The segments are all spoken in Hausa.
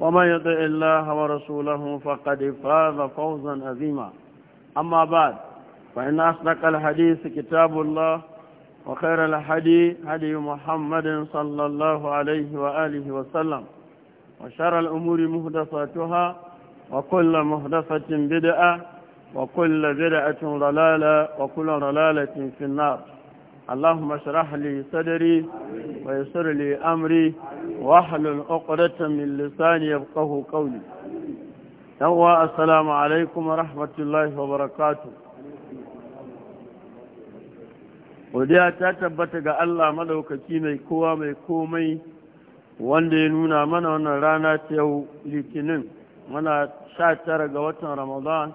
ومن يطع الله ورسوله فقد فاز فوزا عظيما أما بعد فإن أصدق الحديث كتاب الله وخير الحديث هدي محمد صلى الله عليه وآله وسلم وشر الأمور مهدفاتها وكل مهدفة بدعة وكل بدعة ضلالة وكل ضلالة في النار اللهم اشرح لي صدري ويسر لي أمري واحلل عقدة من لساني يفقه قولي يوا السلام عليكم rahmatullahi wa barakatu. godiya ta tabbata ga Allah madaukaki mai kowa mai komai wanda ya nuna mana wannan rana ta yau litinin mana sha tara ga watan ramadan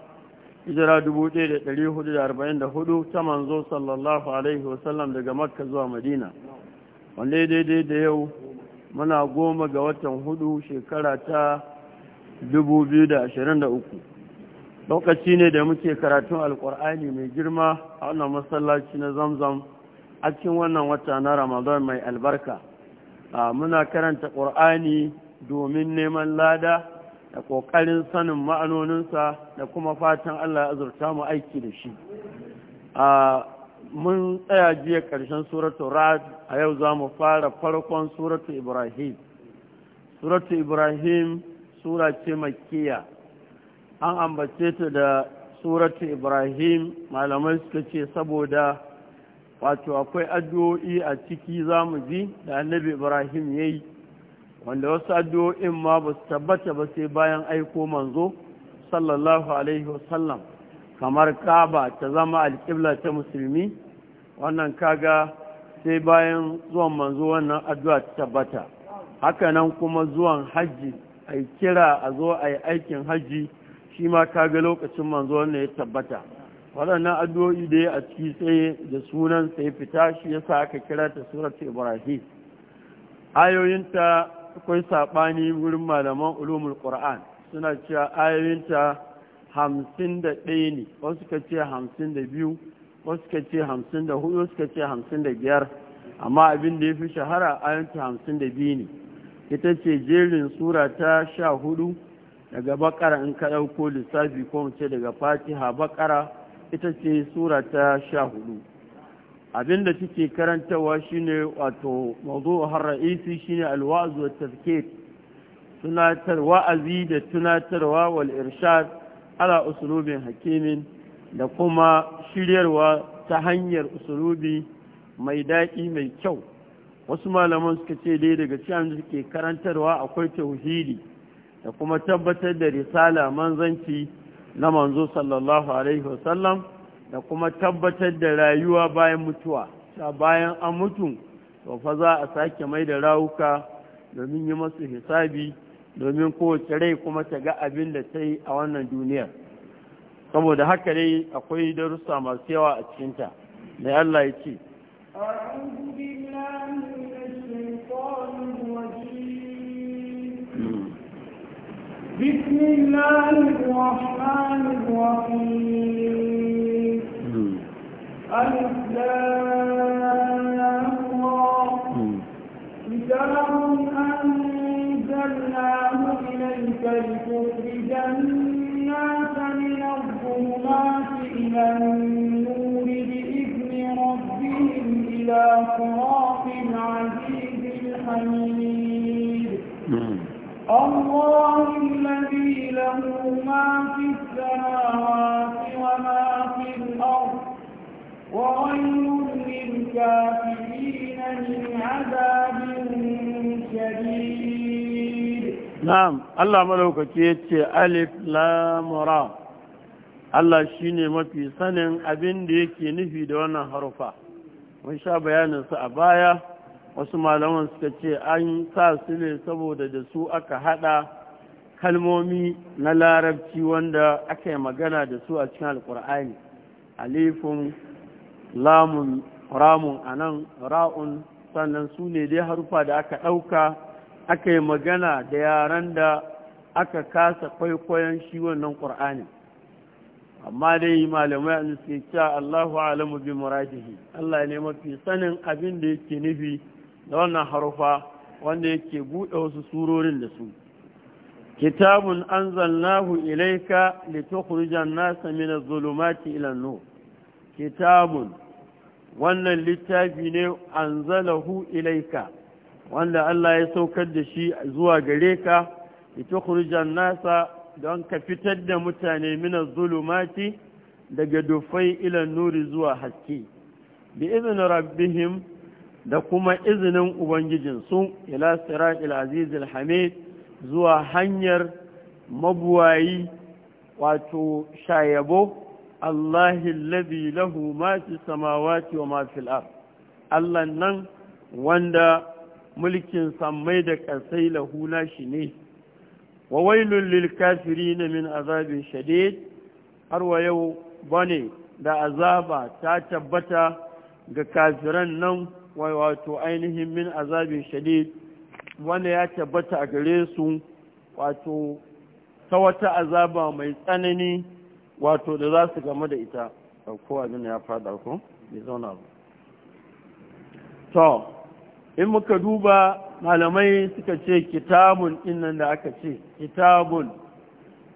hijira 1444 ta manzo sallallahu alaihi wasallam daga makka zuwa madina wanda daidai da yau muna goma ga watan hudu shekara ta uku. lokaci ne da muke karatun alkur'ani mai girma a wannan masallaci na zamzam a cikin wannan wata na ramadan mai albarka muna karanta ƙur'ani domin neman lada da ƙoƙarin sanin ma'anoninsa da kuma fatan allah ya azurta mu aiki da shi mun tsaya jiya ƙarshen suratu rad a yau za mu fara farkon suratu ibrahim suratu ibrahim sura ce makiya an ambace ta da suratu ibrahim malamai suka ce saboda wato akwai addu'o'i a ciki za mu ji da annabi ibrahim ya yi wanda wasu addu'o'in ma ba su tabbata ba sai bayan aiko manzo sallallahu alaihi wasallam kamar kaba ta zama alƙibla ta musulmi wannan kaga sai bayan zuwan manzo wannan addu'a ta tabbata hakanan kuma zuwan hajji a kira a zo a yi aikin hajji shi ma kaga lokacin manzo wannan ya tabbata waɗannan addu'o'i da ya a ciki sai da sunan sai fita shi ya sa aka kira ta surat ibrahim ayoyinta akwai saɓani wurin malaman ulumul qur'an suna cewa ayoyinta hamsin da ɗaya ne wasu suka ce hamsin da biyu wasu suka ce hamsin da hudu suka ce hamsin da biyar amma abin da ya fi shahara ayanta hamsin da biyu ne ita ce jerin sura ta sha hudu daga bakara in ka ɗauko lissafi ko mace daga fatiha bakara ita ce sura ta sha hudu abin da take karantawa shine wato mazu har ra'isi shine alwazu wa tafkir tunatar wa'azi da tunatarwa wal irshad ala usulubin hakimin da kuma shiryarwa ta hanyar usulubi mai daƙi mai kyau wasu malaman suka ce dai daga cikin suke karantarwa akwai tauhidi da kuma tabbatar da risala manzanci na manzo sallallahu alaihi wasallam da kuma tabbatar da rayuwa bayan mutuwa ta bayan an mutu to fa za a sake mai da rawuka domin yi masu hisabi domin kowace rai kuma ta ga abin da ta yi a wannan duniyar saboda haka dai akwai darussa masu yawa a cikinta mai Allah ya ce بسم الله الرحمن الرحيم الإسلام ربك لتخرج الناس من الظلمات إلى النور بإذن ربهم إلى صراط العزيز الحميد نعم. الله الذي له ما في السماوات وما في الأرض وغير للكافرين من عذاب شديد na'am Allah ya yace alif lam Allah shi shine mafi sanin abin da yake nufi da wannan harufa mun sha bayaninsu a baya wasu malaman suka ce an sa su ne saboda da su aka haɗa kalmomi na larabci wanda aka yi magana da su a cikin alkur'ani alifun lamun ramun anan ra'un sannan su ne dai harufa da aka ɗauka aka yi magana da yaran da aka kasa kwaikwayon shi wannan ƙur'ani amma dai malamai an suke cewa Allahu alamu bi murajihi Allah ne mafi sanin abin da yake nufi da wannan harufa wanda yake buɗe wasu surorin da su kitabun anzalnahu ilayka litukhrijan nasa min adh-dhulumati ila an-nur kitabun wannan littafi ne anzalahu Ilaika. wanda Allah ya saukar da shi zuwa gare ka litukhrijan nasa don ka fitar da mutane min zulumati daga dufai ila nuri zuwa haske bi izinin rabbihim da kuma izinin ubangijin ila siratil azizil hamid zuwa hanyar mabuwayi wato shayabo Allahi labi lahu ma fi samawati wa ma fil ard Allah nan wanda mulkin sammai da ƙasai lahuna shi ne wa wailun lil kafirina min azabin shadid har wa yau bane da azaba ta tabbata ga kafiran nan wato ainihin min azabin shadid wanda ya tabbata a gare su wato ta wata azaba mai tsanani wato da za su game da ita ko abin ya fada ko mai zauna ba in muka duba malamai suka ce kitabun innan da aka ce kitabun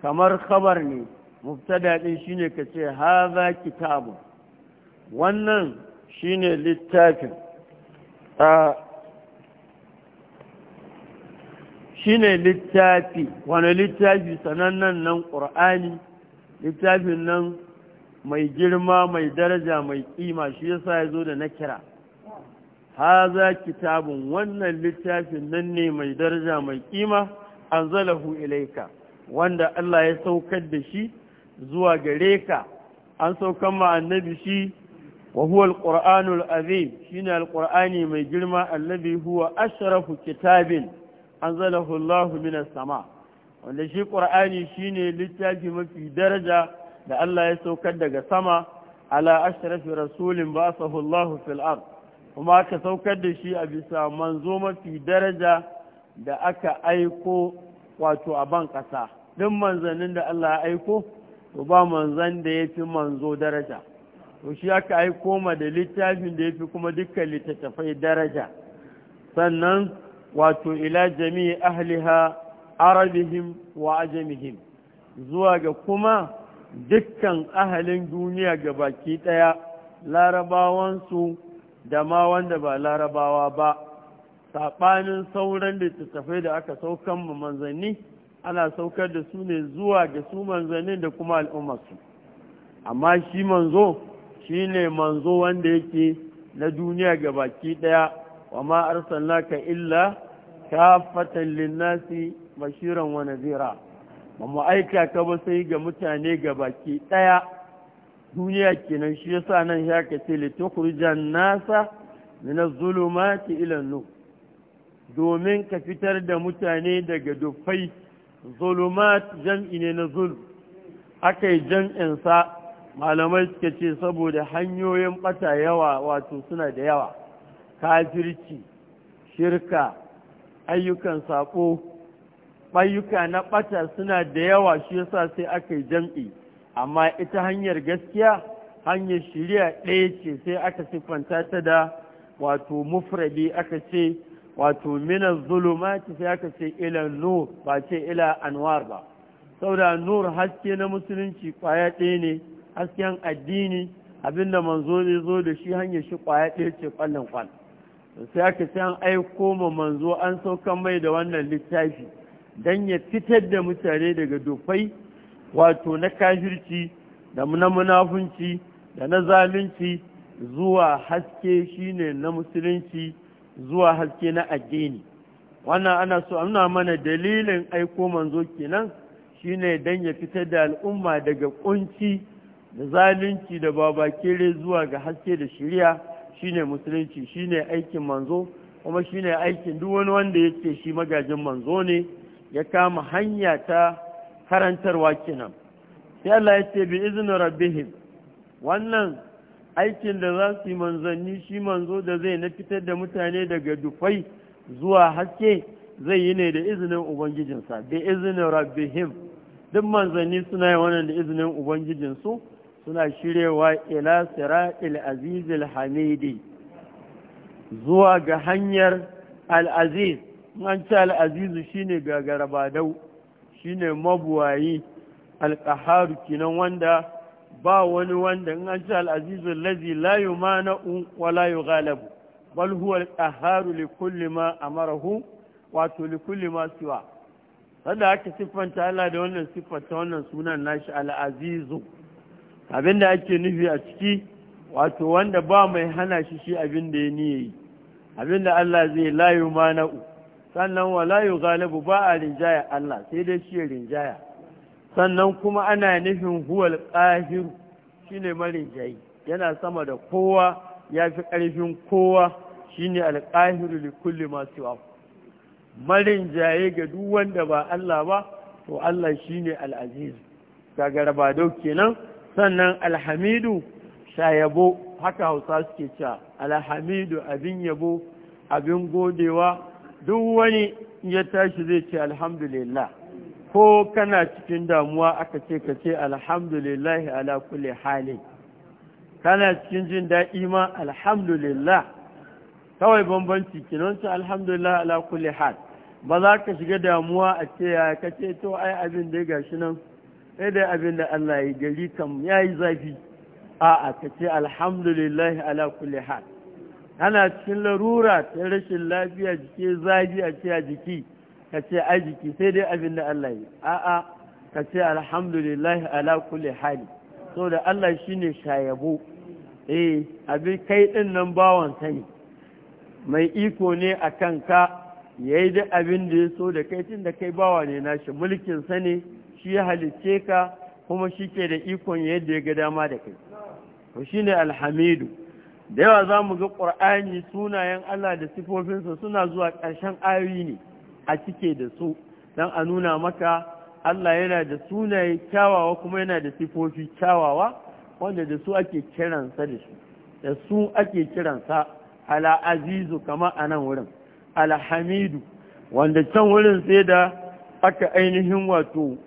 kamar khabar ne mubtada din shine ka ce haza kitabun wannan shine littafin a shine littafi wani littafi sanannen nan ƙur'ani littafin nan mai girma mai daraja mai kima shi yasa ya zo da na kira haza kitabun wannan littafin nan ne mai daraja mai kima anzalahu ilaika wanda Allah ya saukar da shi zuwa gare ka an saukar ma annabi shi wa huwa alqur'anul azim shine alqur'ani mai girma allazi huwa ashrafu kitabin anzalahu Allah minas sama wanda shi qur'ani shine littafi mafi daraja da Allah ya saukar daga sama ala ashrafi rasulin ba'athahu Allah fil kuma aka saukar da shi a bisa manzo mafi daraja da aka aiko wato a ban ƙasa duk manzannin da Allah ya aiko to ba manzan da ya fi manzo daraja to shi aka aiko ma da littafin da ya fi kuma dukkan littattafai daraja sannan wato ila jami'i ahliha arabihim wa ajamihim zuwa ga kuma dukkan ahalin duniya ga baki ɗaya larabawansu da ma wanda ba larabawa ba saɓanin sauran littattafai da aka saukan mu manzanni ana saukar da su ne zuwa ga su manzannin da kuma al'ummarsu amma shi manzo shi ne manzo wanda yake na duniya ga baki ɗaya wa ma ka illa kafatan linnasi bashiran wa nadira ba mu aika ka ba sai ga mutane ga baki ɗaya duniya kenan shi ya sa nan ya ka ce litukhrijan nasa min az-zulumati ila nur domin ka fitar da mutane daga dufai zulumat jam'i ne na zul akai jam'in sa malamai suka ce saboda hanyoyin bata yawa wato suna da yawa kafirci shirka ayyukan sako ayyuka na bata suna da yawa shi yasa sai aka yi jam'i amma ita hanyar gaskiya hanyar shiriya ɗaya ce sai aka siffanta ta da wato mufradi aka ce wato mina ce sai aka ce ila nur ba ce ila anwar ba saboda nur haske na musulunci kwaya ɗaya ne hasken addini abinda manzo ne zo da shi hanyar shi kwaya ɗaya ce kwallon kwal sai aka ce an aiko ma manzo an saukan mai da wannan littafi don ya fitar da mutane daga dufai wato na kafirci da na munafunci da na zalunci zuwa haske shine na musulunci zuwa haske na addini wannan ana so nuna mana dalilin aiko manzo kenan shine dan ya fitar da al'umma daga kunci da zalunci da babakere zuwa ga haske da shiriya shine musulunci shine aikin manzo kuma shine aikin duk wani wanda yake shi magajin manzo ne ya kama hanya ta karantarwa kenan sai Allah ya ce bi iznin rabbihim wannan aikin da za su yi manzanni shi manzo da zai na fitar da mutane daga dufai zuwa haske zai yi ne da izinin ubangijinsa bi izinin rabbihim duk manzanni suna yi wannan da izinin ubangijinsu suna shirewa ila siratil azizil hamidi zuwa ga hanyar al'aziz an ce al'azizu shine gagarabadau shine mabuwayi alƙaharu kinan wanda ba wani wanda in an ce al'azizu lazi layu mana'u wa layu galabu bal huwa li kulli ma amarahu wato li kulli ma siwa wanda aka siffanta Allah da wannan siffanta wannan sunan nashi al'azizu abinda ake nufi a ciki wato wanda ba mai hana shi shi abinda ya niyayi abinda Allah zai layu mana'u sannan wala yi galibu ba a rinjaya Allah sai dai shi rinjaya sannan kuma ana nufin huwal ƙahiru shi ne marinjayi yana sama da kowa ya fi ƙarfin kowa shi ne alƙahiru da kulle masu wa marinjaye ga duk wanda ba Allah ba to Allah shi ne al'azizu garba ba kenan sannan alhamidu shayabo haka hausa suke cewa alhamidu abin yabo abin godewa duk wani ya tashi zai ce alhamdulillah ko kana cikin damuwa aka ce ka ce alhamdulillah ala kulli halin kana cikin jin daɗi ma alhamdulillah kawai bambanci kinonci alhamdulillah ala kulli hal ba za ka shiga damuwa a ce ya ka ce to ai abin da gashi nan sai dai abin da Allah ya gari kam ya yi zafi a'a ka ce alhamdulillah ala kulli hal ana cikin larura ta rashin lafiya jiki zafi a ce a jiki ka ce a jiki sai dai abin da Allah yi a'a ka ce alhamdulillah ala kulli hali da Allah shi ne shayabo E, abin kai din nan bawan sani mai iko ne a kanka yi duk abin da ya so da kai tun da kai bawa ne nashi mulkin sa ne shi ya halicce ka kuma shi ke da ikon yadda ya ga dama da kai to ne alhamidu da yawa za mu ga ƙur'ani sunayen Allah da sifofinsa suna zuwa ƙarshen ayoyi ne a cike da su don a nuna maka Allah yana da sunaye kyawawa kuma yana da sifofi kyawawa wanda da su ake kiransa da shi da su ake kiransa ala azizu kama a nan wurin alhamidu wanda can wurin sai da aka ainihin wato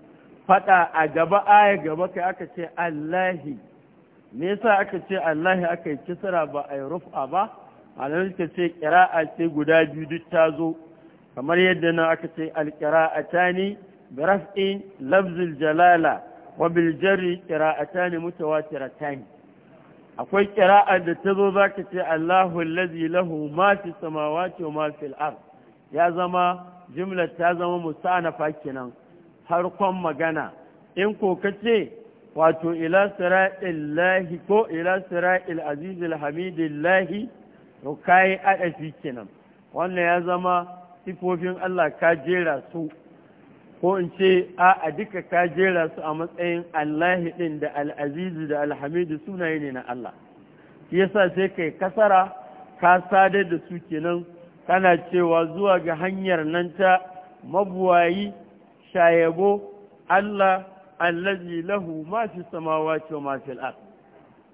faɗa a gaba aya gaba kai aka ce allahi me yasa aka ce Allah aka yi kisra ba a yi rufa ba malamai suka ce ƙira'a ce guda biyu duk ta zo kamar yadda nan aka ce ta ne bi raf'in lafzul jalala wa biljari jarri ta ne mutawatirata ne akwai ƙira'a da ta zo za ka ce Allahu lazi lahu ma fi samawati wa ma ya zama jimlar ta zama musanafa kenan harkon magana in ko ka ce wato ila sira'illahi ko ila sira'il azizul hamidillahi to adafi kenan wannan ya zama sifofin Allah ka jera su ko in ce a duka ka jera su a matsayin Allahi din da al'azizu da alhamidu sunaye ne na Allah yasa sai kai kasara ka sadar da su kenan kana cewa zuwa ga hanyar nan ta mabuwayi shayabo Allah allazi lahu ma fi samawati wa ma fil ard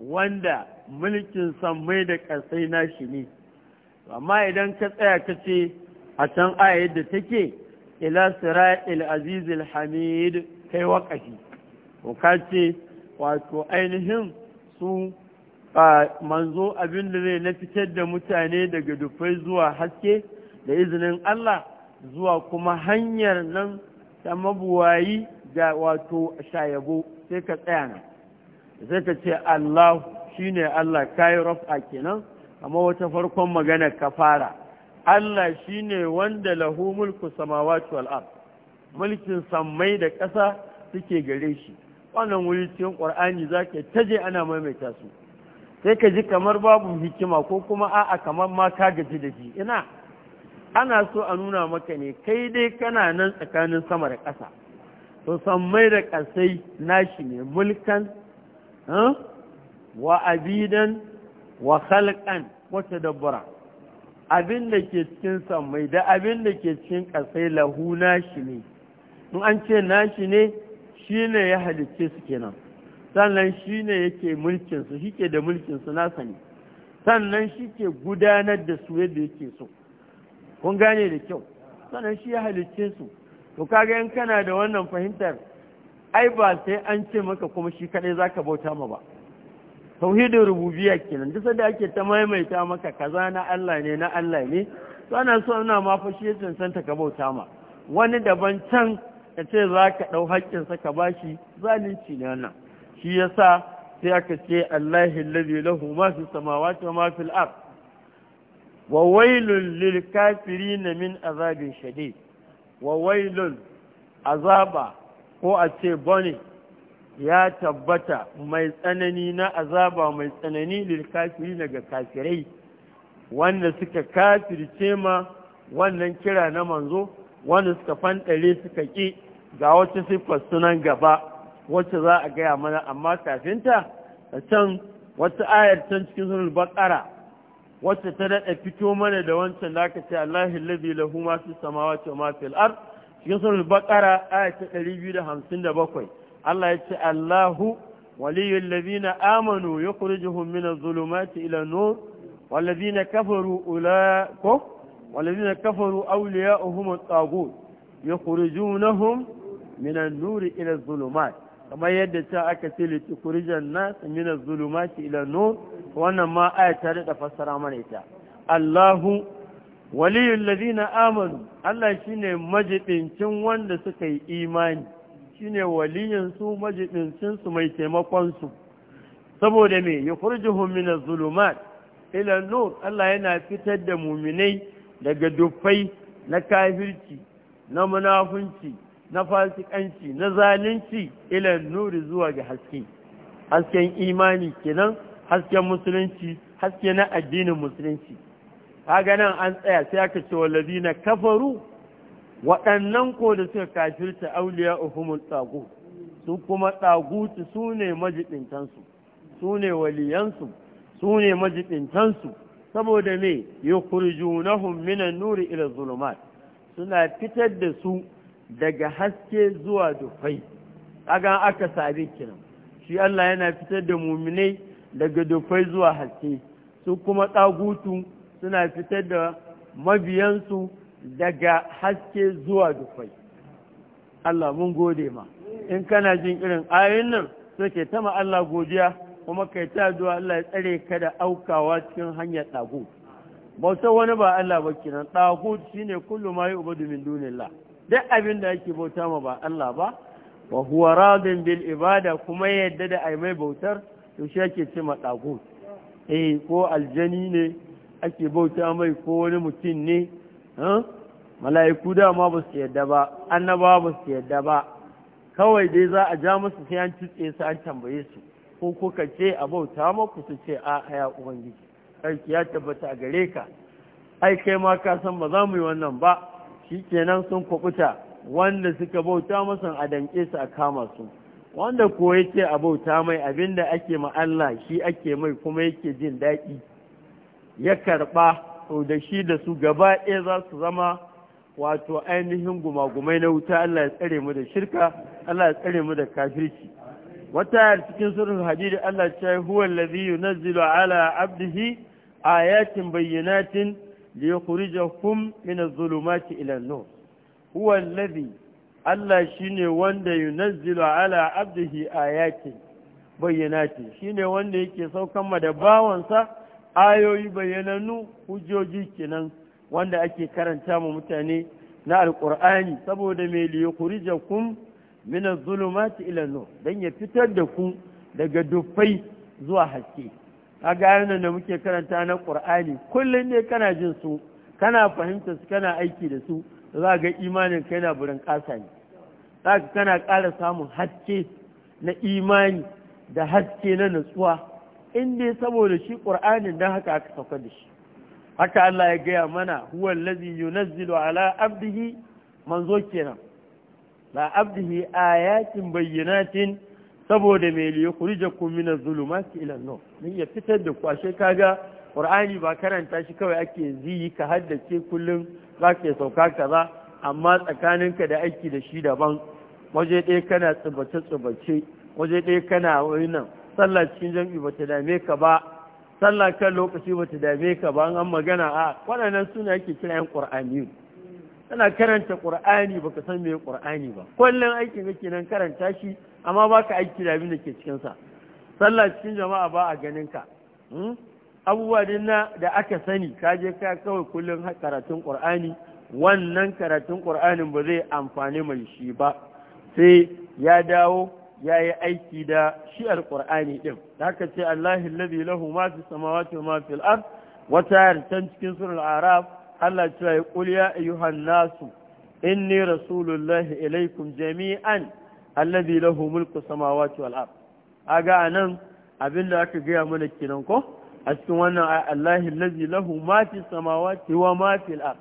wanda mulkin mai da ƙasai nashi ne amma idan ka tsaya ka ce a can aya yadda take ila sira'il azizil hamid kai waƙafi ko ka ce wato ainihin su manzo abin da zai na fitar da mutane daga dufai zuwa haske da izinin Allah zuwa kuma hanyar nan ta mabuwayi da wato shayabo sai ka tsaya nan sai ka ce Allah shi ne Allah kai a kenan amma wata farkon magana ka fara Allah shi ne wanda lahu mulku samawati wal ard mulkin sammai da ƙasa suke gare shi wannan wuri cikin Qur'ani zaka taje ana maimaita su sai ka ji kamar babu hikima ko kuma a'a kamar ma ka gaji da ji. ina ana so a nuna maka ne kai dai kana nan tsakanin sama da ƙasa to mai da ƙasai nashi ne mulkan wa abidan wa khalqan wata dabbara abin da ke cikin sammai da abin da ke cikin ƙasai lahu nashi ne in an ce nashi ne shi ne ya halicce su kenan sannan shi ne yake mulkinsu shi ke da mulkinsu nasa ne sannan shi ke gudanar da su yadda yake so kun gane da kyau sannan shi ya halicce su to kaga in kana da wannan fahimtar ai ba sai an ce maka kuma shi kadai zaka bauta ma ba tauhidin rububiyya kenan duk sanda ake ta maimaita maka kaza na Allah ne na Allah ne to ana so ina ma fa shi ta ka bauta ma wani daban can ka ce zaka dau haƙƙin sa ka bashi zalunci ne wannan shi yasa sai aka ce Allah alladhi lahu ma fi samawati wa ma fil ard wa wailul lil kafirin min azabin shadid wa wailun azaba ko a ce bane ya tabbata mai tsanani na azaba mai tsanani lil kafiri daga kafirai wanda suka kafirce ma wannan kira na manzo wanda suka fanɗare suka ƙi ga wata siffar sunan gaba wacce za a gaya mana amma kafinta a can wata ayar can cikin sunan baƙara wacce ta daɗa fito mana da wancan da aka ce Allahi labi lahu ma fi samawati wa ma fil ard cikin surul baqara aya ta bakwai Allah ya ce Allahu waliyul ladina amanu ya yukhrijuhum min adh-dhulumati ila nur wal ladina kafaru ulaiku wal ladina kafaru awliya'uhum at-taghut yukhrijunahum min an-nur ila adh-dhulumat kamar yadda ta aka ce tukurijan na min az-zulumati ila nur wannan ma aya ta da fassara mana ita Allahu waliyul ladina amanu Allah shine majibincin wanda suka yi imani shine waliyin su majibincin su mai taimakon su saboda me yukhrijuhum min az-zulumat ila nur Allah yana fitar da muminai daga dufai na kafirci na munafunci na fasikanci na zalunci ila nuri zuwa ga haske hasken imani kenan hasken musulunci haske na addinin musulunci kaga nan an tsaya sai aka ce wallazina kafaru waɗannan ko da suka kafirta auliya uhumul tsagu su kuma tsaguti su ne majibintansu su ne waliyansu su ne majibintansu saboda me yukhrijunahum minan nuri ila zulumat suna fitar da su daga haske zuwa dufai kaga aka sabe kenan shi Allah yana fitar da muminai daga dufai zuwa haske su kuma tsagutu suna fitar da mabiyansu daga haske zuwa dufai Allah mun gode ma in kana jin irin ayoyin nan suke tama tama Allah godiya kuma kai ta zuwa Allah ya tsare ka da aukawa cikin hanyar tsagutu bautar wani ba Allah ba kinan shi shine kullum ma yi ubadu min dunillah duk abin da yake bauta ma ba Allah ba wa huwa radin bil ibada kuma yadda da ai mai bautar to shi ake ce dago eh ko aljani ne ake bauta mai ko wani mutum ne eh? mala'iku da ma ba su yadda ba annaba ba su yadda ba kawai dai za a ja musu sai an tutse su an tambaye su ko kuka ce a bauta maku su ce a haya ubangiji kai ya tabbata gare ka ai kai ma ka san ba za mu yi wannan ba Shi kenan sun kwakuta wanda suka bauta masa a danke su a kama su wanda ko yake a bauta mai abinda ake ma Allah shi ake mai kuma yake jin daɗi ya karɓa sau da shi da su gaba ɗaya za su zama wato ainihin gumagumai na wuta Allah ya tsare mu da shirka Allah ya tsare mu da kafirci wata yar cikin surun hadidi Allah ya ce huwa allazi yunzilu ala abdihi ayatin bayyinatin liyukhrijakum min adh-dhulumati ila an-nur huwa alladhi Allah shine wanda yunazzilu ala abdihi ayatin bayyanatin shine wanda yake saukan ma da bawansa ayoyi bayyananu hujjoji kenan wanda ake karanta ma mutane na alqur'ani saboda me liyukhrijakum min adh-dhulumati ila an-nur dan ya fitar da ku daga dufai zuwa haske a gayanan da muke karanta na ƙur'ani kullum ne kana jin su kana fahimta su kana aiki da su za ga imanin kai na burin ƙasa ne za ka kana ƙara samun haske na imani da haske na nutsuwa in dai saboda shi ƙur'ani don haka aka saukar da shi haka Allah ya gaya mana huwan lazi yunazzilu ala abdihi manzo kenan la abdihi ayatin bayyinatin saboda mai liya kurija kumina zulumati ilan nan min ya fitar da kwashe kaga qur'ani ba karanta shi kawai ake ziyi ka haddace kullum za ka sauka kaza amma tsakaninka da aiki da shi daban waje ɗaya kana tsibace tsibace waje ɗaya kana nan sallah cikin jam'i ba ta dame ka ba sallah kan lokaci ba ta dame ka ba an magana a waɗannan suna ake kira yan qur'ani kana karanta qur'ani baka san me ƙur'ani ba kullum aikin kake nan karanta shi amma ba ka aiki da abin da ke cikinsa sallah cikin jama'a ba a ganin ka hmm? abubuwa na da aka sani ka je ka kawai kullum karatun ƙur'ani wannan karatun ƙur'anin ba zai amfani mai shi ba sai ya dawo ya yi aiki da shi'ar ƙur'ani ɗin da haka ce allahi lazi lahu ma fi samawati ma fi al'ar wata yarcan cikin sunan arab allah cewa ya ƙulya ayyuhan nasu inni rasulullahi ilaikum jami'an alladhi lahu mulku samawati wal ard aga anan abinda aka gaya mana kenan ko a cikin wannan ay allahi allazi lahu ma fi samawati wa ma fil ard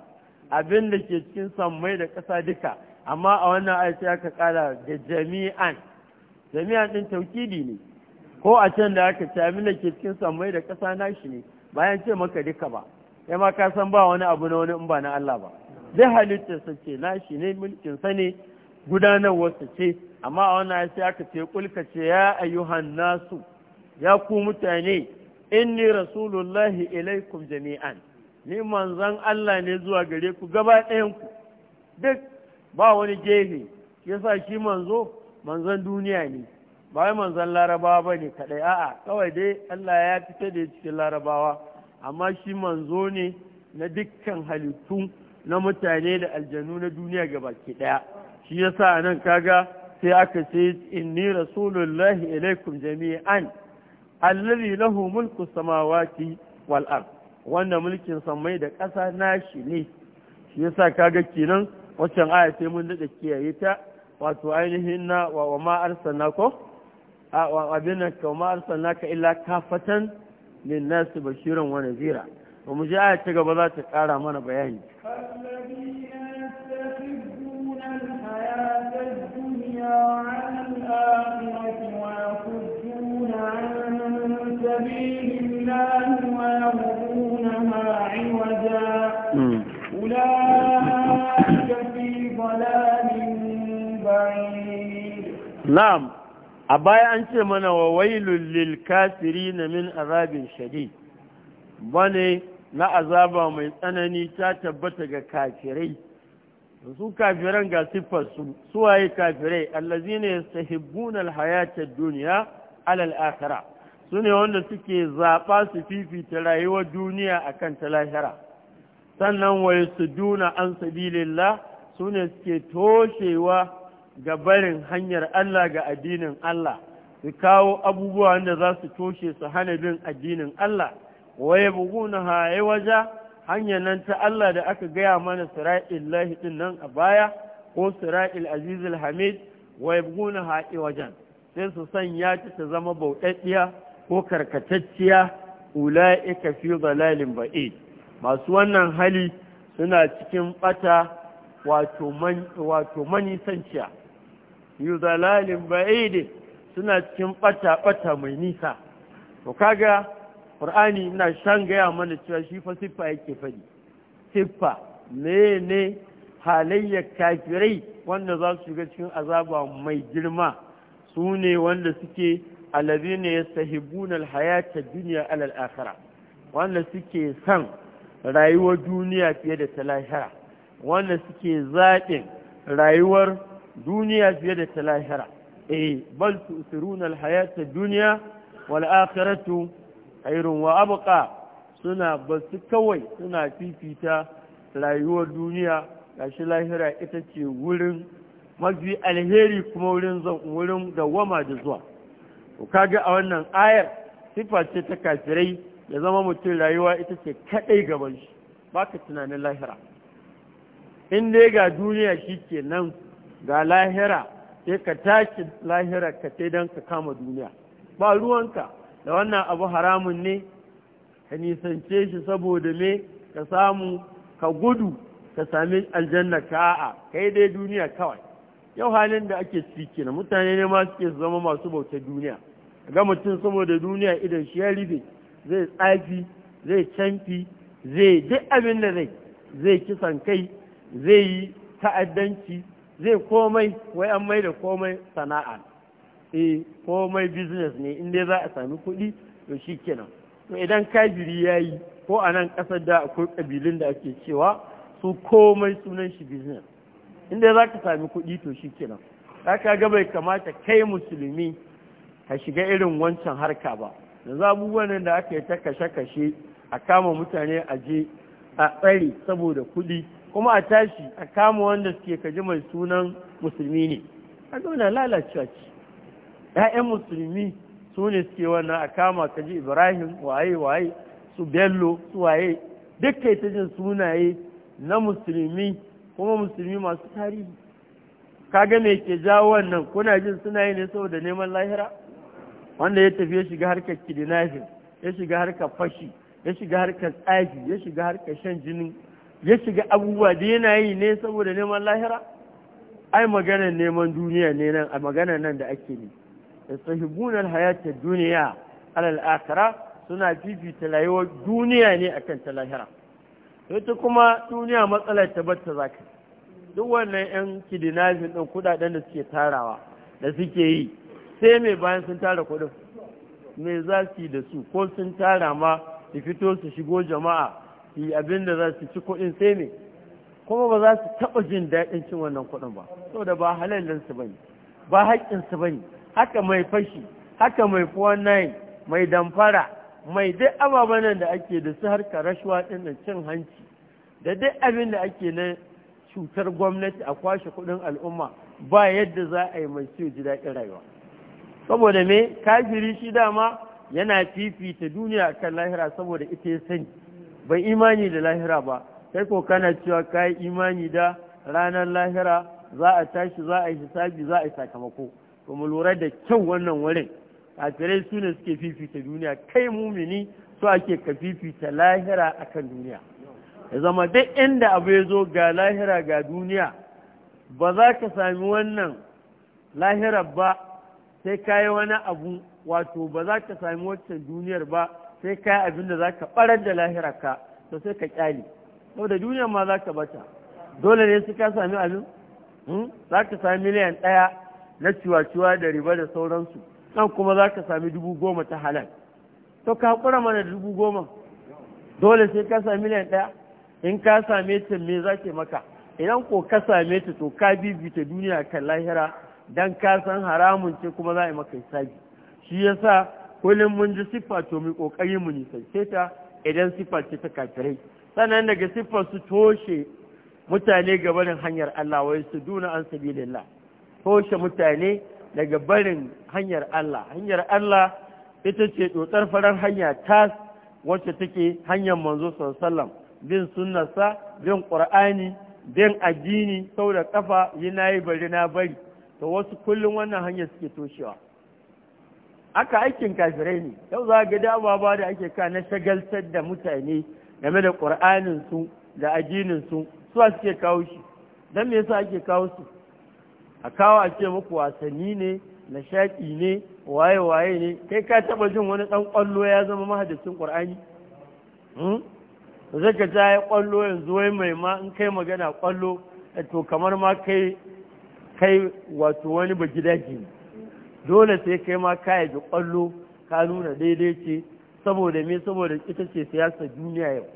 abinda ke cikin sammai da ƙasa duka amma a wannan ay sai aka kara da jami'an jami'an din taukidi ne ko a can da aka ce abinda ke cikin sammai da ƙasa nashi ne bayan ce maka duka ba kai ma ka san ba wani abu na wani in ba na Allah ba zai halittarsa ce nashi ne mulkinsa ne gudanarwa ce amma a wannan sai aka ce kulka ce ya ayyuhan nasu ya ku mutane inni rasulullahi ilaikum jami'an ni manzon Allah ne zuwa gare ku gaba ɗayan ku duk ba wani gefe yasa shi manzo manzon duniya ne ba wai manzon larabawa ba ne kaɗai a'a kawai dai Allah ya fita da cikin larabawa amma shi manzo ne na dukkan halittu na mutane da aljanu na duniya gaba ke ɗaya shi yasa nan kaga sai aka ce inni rasulullahi ilaikum jami'an allazi lahu mulku samawati wal ard wannan mulkin samai da ƙasa nashi ne shi yasa kaga kenan waccan aya sai mun daɗe kiyaye ta wato ainihin na wa ma arsalna ko a wa abinna ka ma arsalna ka illa kafatan lin nasi bashiran wa nazira ba mu ji aya ta gaba za ta ƙara mana bayani na'am a baya an ce mana wa wailul lil na min azabin shadid bane na azaba mai tsanani ta tabbata ga kafirai su kafiran ga siffar su suwaye kafirai allazina yastahibbuna alhayata ad-dunya ala al-akhirah sune wanda suke zaɓa su fifita rayuwar duniya akan ta lahira sannan wa duna an sabilillah sune suke toshewa ga barin hanyar Allah ga addinin Allah su kawo abubuwa wanda za su toshe su hana bin addinin Allah waye na haye waja hanyar nan ta Allah da aka gaya mana sira'il Lahidin nan a baya ko sira'il azizul hamid waye na haye wajen sai su sanya ta ta zama bauɗaɗɗiya ko karkatacciya ula'ika fi dalalin ba'i masu wannan hali suna cikin ɓata wato manisanciya Yuzalalin baidi suna cikin ɓata-ɓata mai nisa to kaga ƙur'ani ina shan gaya mana cewa shi fa siffa yake fadi siffa ne halayyar kafirai wanda za su shiga cikin azaba mai girma su ne wanda suke ne ya alhayata duniya alal akhira wanda suke san rayuwar duniya fiye da ta lahira wanda suke zaɓin rayuwar duniya fiye da ta lahira eh bal tu'thiruna al-hayata Duniya dunya wal akhiratu khairun wa abqa suna basu kawai suna fifita rayuwar duniya gashi lahira ita ce wurin mafi alheri kuma wurin zan wurin dawama da zuwa to kaga a wannan ayar sifa ce ta kafirai ya zama mutum rayuwa ita ce kadai gaban shi baka tunanin lahira in dai ga duniya shi ke nan ga lahira sai ka tashi lahira ka sai don ka kama duniya ba ruwanka da wannan abu haramun ne ka nisance shi saboda me ka samu ka gudu ka sami aljanna ka a ka yi dai duniya kawai yau halin da ake ciki na mutane ne ma suke zama masu bauta duniya ga mutum saboda duniya idan shi ya ribe zai tsafi zai canfi zai duk abin da zai zai kisan kai zai yi ta'addanci zai komai wai an mai da komai sana'a eh komai business ne inda za a sami kuɗi to shi kenan to idan kafiri yayi ko a nan ƙasar da akwai ƙabilun da ake cewa su komai sunan shi business inda dai za ka sami kuɗi to shi kenan za ka ga bai kamata kai musulmi ka shiga irin wancan harka ba yanzu abubuwan da aka yi ta kashe-kashe a kama mutane a je a tsare saboda kuɗi kuma a tashi a kama wanda suke kaji mai sunan musulmi ne a zauna lalacewa ce ‘ya'yan musulmi su ne suke wannan a kama kaji ibrahim waye waye su bello su waye duk kai ta jin sunaye na musulmi kuma musulmi masu tarihi kaga me ke jawo wannan kuna jin suna yi ne saboda neman lahira wanda ya tafi ya shiga harkar kidinafin ya shiga harkar fashi ya shiga harkar tsafi ya shiga harkar shan jinin ya shiga abubuwa da yana yi ne saboda neman lahira ai maganar neman duniya ne nan a maganar nan da ake ne da sahibunan hayatar duniya alal akara suna fifita rayuwar duniya ne akan ta lahira ita kuma duniya matsalar ta batta ka duk wannan yan kidinafin ɗin kudaden da suke tarawa da suke yi sai mai bayan sun tara kudin mai za su yi da su ko sun tara ma su fito su shigo jama'a yi abinda za su ci kuɗin sai ne kuma ba za su taɓa jin daɗin cin wannan kuɗin ba da ba halallinsu ba ne ba haƙƙinsu ba ne haka mai fashi haka mai fuwan nayi mai damfara mai dai ababen da ake da su harka rashuwa ɗin da cin hanci da dai abin da ake na cutar gwamnati a kwashe kuɗin al'umma ba yadda za a yi mai ciwo ji daɗin rayuwa saboda me kafiri shi dama yana fifita duniya kan lahira saboda ita ya sani bai imani da lahira ba sai ko kana cewa ka imani da ranar lahira za a tashi za a yi hisabi za a yi sakamako to mu lura da kyau wannan wurin kafirai su ne suke fifita duniya kai mumini su ake ka fifita lahira akan duniya ya zama duk inda abu ya zo ga lahira ga duniya ba za ka sami wannan lahirar ba sai ka yi wani abu wato ba za ka sami waccan duniyar ba sai ka abin da za ka ɓarar da lahirarka to sai ka ƙyale da duniya ma za ka bata dole ne sai ka sami abin hmm? za ka sami miliyan ɗaya na ciwa-ciwa da riba da sauransu nan kuma za ka sami dubu goma ta halal to ka haƙura mana dubu goma dole sai ka sami miliyan ɗaya in ka same ta me za ke maka idan ko ka same ta to ka bibita duniya kan lahira dan ka san haramun ce kuma za a yi maka hisabi shi yasa kullum mun ji siffa to mu kokari mu nisance ta idan siffa ce ta kafirai sannan daga siffar su toshe mutane ga barin hanyar Allah wai su duna an sabilillah toshe mutane daga barin hanyar Allah hanyar Allah ita ce tsotsar farar hanya ta wacce take hanyar manzo sallallahu bin sunnarsa bin qur'ani bin addini sau da kafa yi yi bari na bari to wasu kullum wannan hanyar suke toshewa aka aikin kafirai ne yau za ga dama ba da ake ka na shagaltar da mutane game da ƙur'anin su da ajinin su su a suke kawo shi don me yasa ake kawo su a kawo a ce muku wasanni ne na nishaɗi ne waye waye ne kai ka taba jin wani ɗan ƙwallo ya zama mahadacin ƙur'ani zai hmm? ka ja ya ƙwallo yanzu wai mai ma in kai magana ƙwallo eh to kamar ma kai wato wani ba gidaje ne dole sai kai ma ka yaji ƙwallo ka nuna daidai ce saboda me saboda ita ce siyasar duniya yau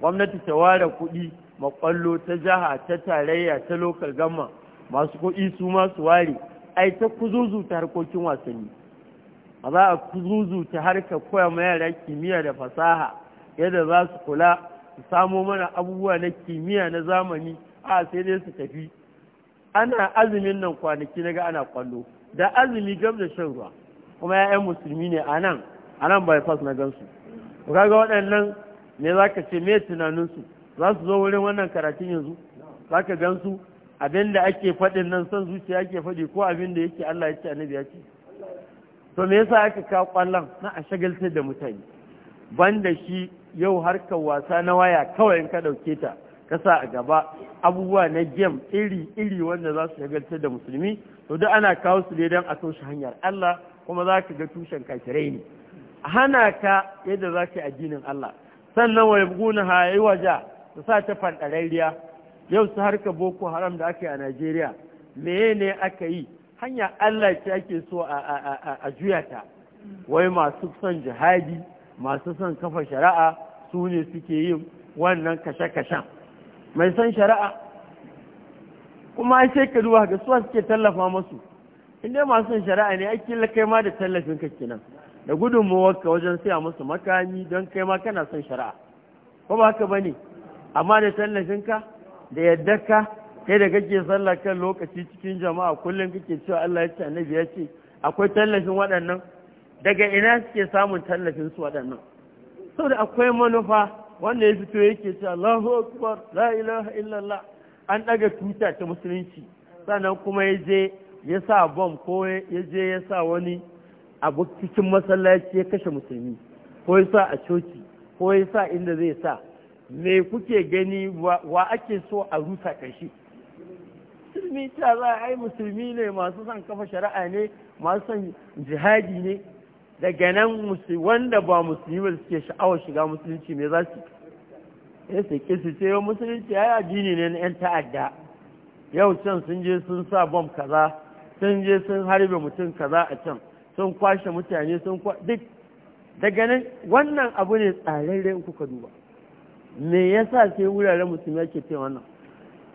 gwamnati ta ware kuɗi makwallo ta jiha ta tarayya ta lokal gama masu kuɗi su ma su ware ai ta kuzuzu ta harkokin wasanni a za a kuzuzu ta harka koya ma yara kimiyya da fasaha yadda za su kula su samo mana abubuwa na kimiyya na zamani a sai dai su tafi ana azumin nan kwanaki na ga ana kwallo da azumi gab da shan ruwa kuma ya'yan musulmi ne a nan a nan bypass na gansu to kaga waɗannan me za ka ce me tunaninsu za su zo wurin wannan karatun yanzu za ka gansu abinda ake faɗin nan son zuciya ake faɗi ko abin da yake Allah ya ce annabi ya ce to me yasa aka kawo kwallon na a shagaltar da mutane banda shi yau harkar wasa na waya kawai in ka ɗauke ta Kasa a gaba abubuwa na gem iri-iri wanda za su shagaltar da musulmi to duk ana kawo su dai don a toshe hanyar Allah kuma za ka ga tushen kafirai ne hana ka yadda za ka yi addinin Allah sannan wa yabguna ha yi waja su sa ta fandarariya yau su harka boko haram da aka yi a Najeriya meye ne aka yi hanya Allah ce ake so a juya ta wai masu son jihadi masu son kafa shari'a su ne suke yin wannan kashe-kashen mai san shari'a kuma sai ka duba ga suwa suke tallafa masu inda masu san shari'a ne ake kai ma da tallafin ka kenan da ka wajen siya musu makami don kai ma kana san shari'a ko ba haka bane amma da tallafin ka da yadda ka kai da kake sallah kan lokaci cikin jama'a kullum kake cewa Allah ya ce annabi ya ce akwai tallafin waɗannan daga ina suke samun tallafin su waɗannan saboda akwai manufa wanda ya fito yake ce Allahu akbar la ilaha illallah an daga tuta ta musulunci sannan kuma ya je ya sa bomb ko ya je ya sa wani abu cikin masallaci ya kashe musulmi ko ya sa a coci ko ya sa inda zai sa me kuke gani wa ake so a rusa kashi musulmi ta za a yi musulmi ne masu son kafa shari'a ne masu son jihadi ne daga nan wanda ba musulmi ba suke sha'awar shiga musulunci me za su ya eh, su ce yau musulunci ya addini ne na 'yan ta'adda yau can sun je sun sa bom kaza sun je sun harbe mutum kaza a can sun kwashe mutane sun kwa duk daga nan wannan abu ne tsararre in kuka duba me sa sai wuraren musulmi ake ce wannan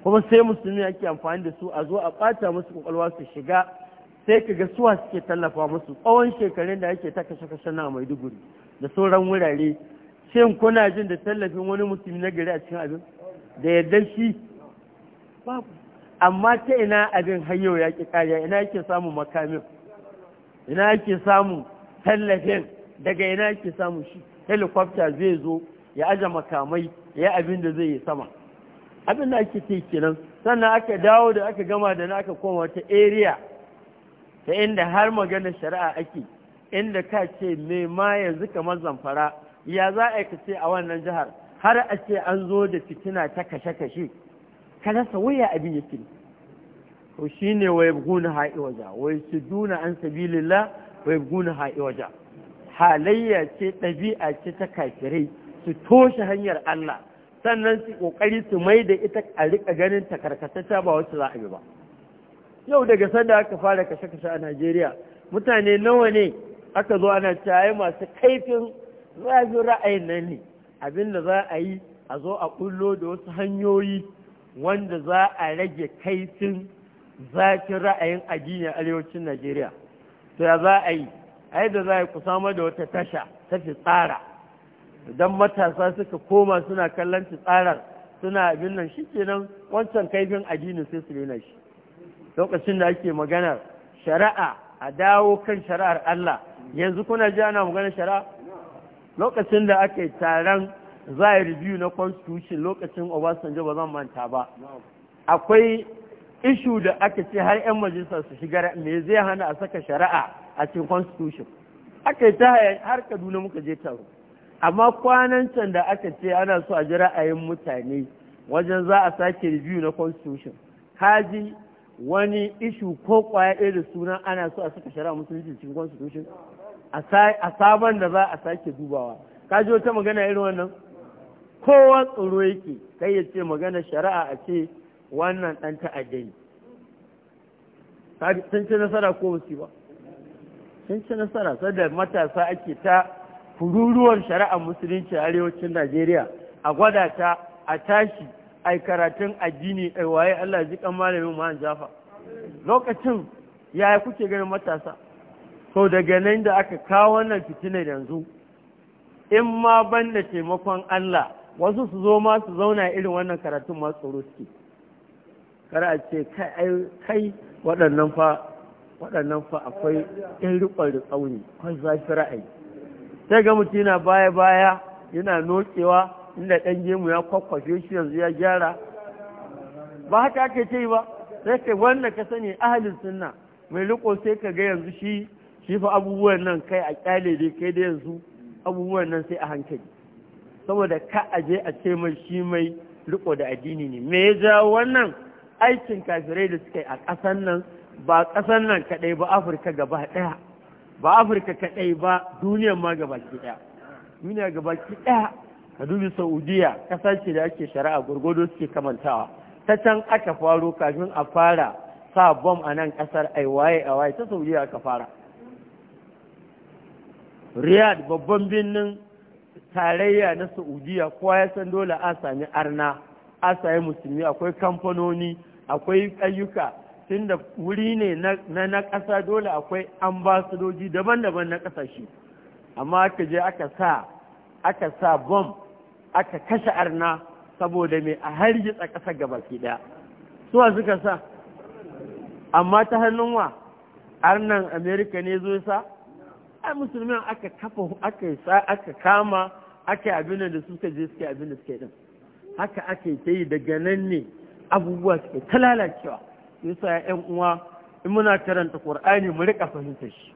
kuma sai musulmi ake amfani da su a zo a ɓata musu kwakwalwa su shiga sai ka ga suwa suke tallafa musu tsawon shekarun da ake ta kashe-kashe na maiduguri da sauran wurare shin kuna jin da tallafin wani musulmi na gari a cikin abin da yadda shi babu amma ta ina abin hayo ya ki kariya ina yake samun makamin ina yake samun tallafin daga ina yake samun shi helikwafta zai zo ya aje makamai ya abin da zai yi sama abin da ake ce kenan sannan aka dawo da aka gama da na aka koma wata area ta inda har maganar shari'a ake inda ka ce me ma yanzu kamar zamfara ya za a ka ce a wannan jihar har a ce an zo da fitina ta kashe-kashe ka rasa waya abin yake to shine wa yabghuna ha'i waja wa yasuduna an sabilillah wa na ha'i waja halayya ce ɗabi'a ce ta kafirai su toshe hanyar Allah sannan su ƙoƙari su mai da ita a riƙa ganin ta karkatacce ba wasu za a yi ba yau daga sanda aka fara kashe-kashe a najeriya mutane nawa ne aka zo ana cewa masu kaifin zafin ra'ayin nan ne abin da za a yi a zo a kullo da wasu hanyoyi wanda za a rage kaifin zafin ra'ayin addini arewacin najeriya to ya za a yi a yadda za a ku samar da wata tasha ta fi tsara, idan matasa suka koma suna kallon tsarar, suna abin nan shi kenan wancan kaifin addini sai su daina shi lokacin da ake maganar shari'a a dawo kan shari'ar Allah yanzu kuna ji ana magana shari'a lokacin da aka yi taron za a review na constitution lokacin Obasanjo ba zan manta ba akwai ishu da aka ce har 'yan majalisar su shiga me zai hana a saka shari'a a cikin constitution aka yi ta har kaduna muka je taro amma kwanan can da aka ce ana so a ji ra'ayin mutane wajen za a sake review na constitution haji wani ishu ko kwaya ɗaya da suna ana so a saka shari'a musulunci cikin constitution a sabon da za a sake dubawa ka ji wata magana irin wannan kowa tsoro yake kai ya ce magana shari'a a ce wannan ɗan ta'adda ne sun ci nasara ko musu ba sun ci nasara sadda matasa ake ta fururuwar shari'ar musulunci a arewacin najeriya a gwada ta a tashi ai karatun addini ai waye Allah ji kan malamin ma jafa lokacin yaya kuke ganin matasa sau daga nan da aka kawo wannan fitina yanzu in ma ban da taimakon Allah wasu su zo ma su zauna irin wannan karatun ma tsoro suke kar a ce kai waɗannan fa waɗannan fa akwai ɗin riƙon riƙau ne kwan zafi ra'ayi sai ga mutum yana baya baya yana nokewa inda ɗan gemu ya kwakwafe shi yanzu ya gyara ba haka ake ce ba sai ka wanda ka sani ahalin sunna mai riko sai ka ga yanzu shi shi fa abubuwan nan kai a kyale dai kai da yanzu abubuwan nan sai a hankali saboda ka aje a ce mai shi mai riko da addini ne me ya jawo wannan aikin kafirai da suka yi a ƙasan nan ba ƙasan nan kaɗai ba afirka gaba ɗaya ba afirka kaɗai ba duniyan ma gabaki ɗaya duniya gabaki ɗaya ka saudiya kasa ce da ake shari'a gwargwado suke kamantawa ta can aka faro kafin a fara sa bom a nan ƙasar ai waye a waye ta saudiya aka fara riyad babban birnin tarayya na saudiya kowa ya san dole a sami arna a sami musulmi akwai kamfanoni akwai ayyuka tun da wuri ne na na ƙasa dole akwai ambasadoji daban-daban na ƙasashe amma aka je aka sa aka sa bom aka kashe arna saboda mai a harjitsa ƙasa gabaki ɗaya suwa suka sa amma ta hannun wa arnan amerika ne zo sa a musulmin aka kafa aka sa aka kama aka yi abin da suka je suke abin da suke din haka aka yi ta yi daga nan ne abubuwa suke ta lalacewa yasa ya yan uwa in muna karanta ƙur'ani mu rika fahimtar shi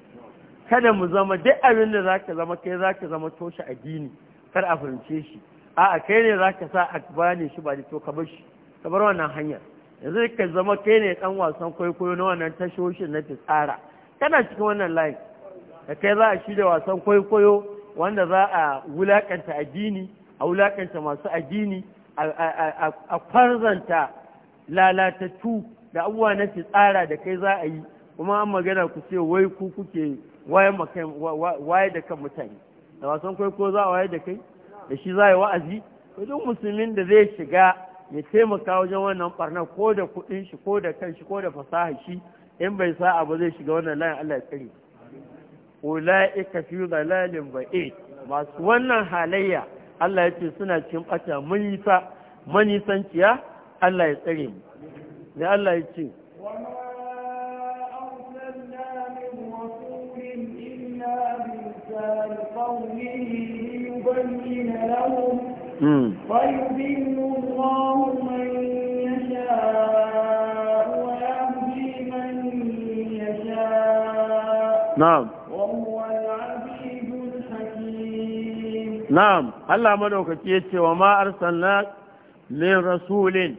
kada mu zama duk abin da zaka zama kai zaka zama toshe addini kar a fahimce shi a'a kai ne zaka sa a bane shi ba to ka bar shi ka bar wannan hanyar yanzu ka zama kai ne dan wasan kwaikwayo na wannan tashoshin na tsara kana cikin wannan layin da kai za a shirya wasan kwaikwayo wanda za a wulakanta addini a wulakanta masu addini a farzanta lalatattu da abubuwa na fitsara da kai za a yi kuma an magana ku ce wai ku kuke waye da kan mutane da wasan kwaiko za a waye da kai da shi za a yi wa'azi duk musulmin da zai shiga ya taimaka wajen wannan barna ko da kuɗin shi ko da kan ko da fasaha shi in bai sa abu zai shiga wannan layin Allah ya tsare ula'ika fi dalalin ba'i masu wannan halayya Allah ya ce suna cin bata manisa manisanciya Allah ya tsare mu ne Allah ya ce موسى لقومه ليبين لهم ويضل الله من يشاء ويهدي من يشاء نعم وهو العزيز الحكيم نعم الله مدوكك يتي وما أرسلناك من رسول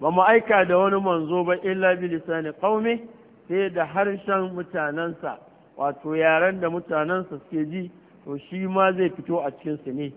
ba mu aika da wani manzo ba illa bi lisani qaumi sai da harshen mutanansa wato yaren da mutanensa suke ji to shi ma zai fito a cikinsu ne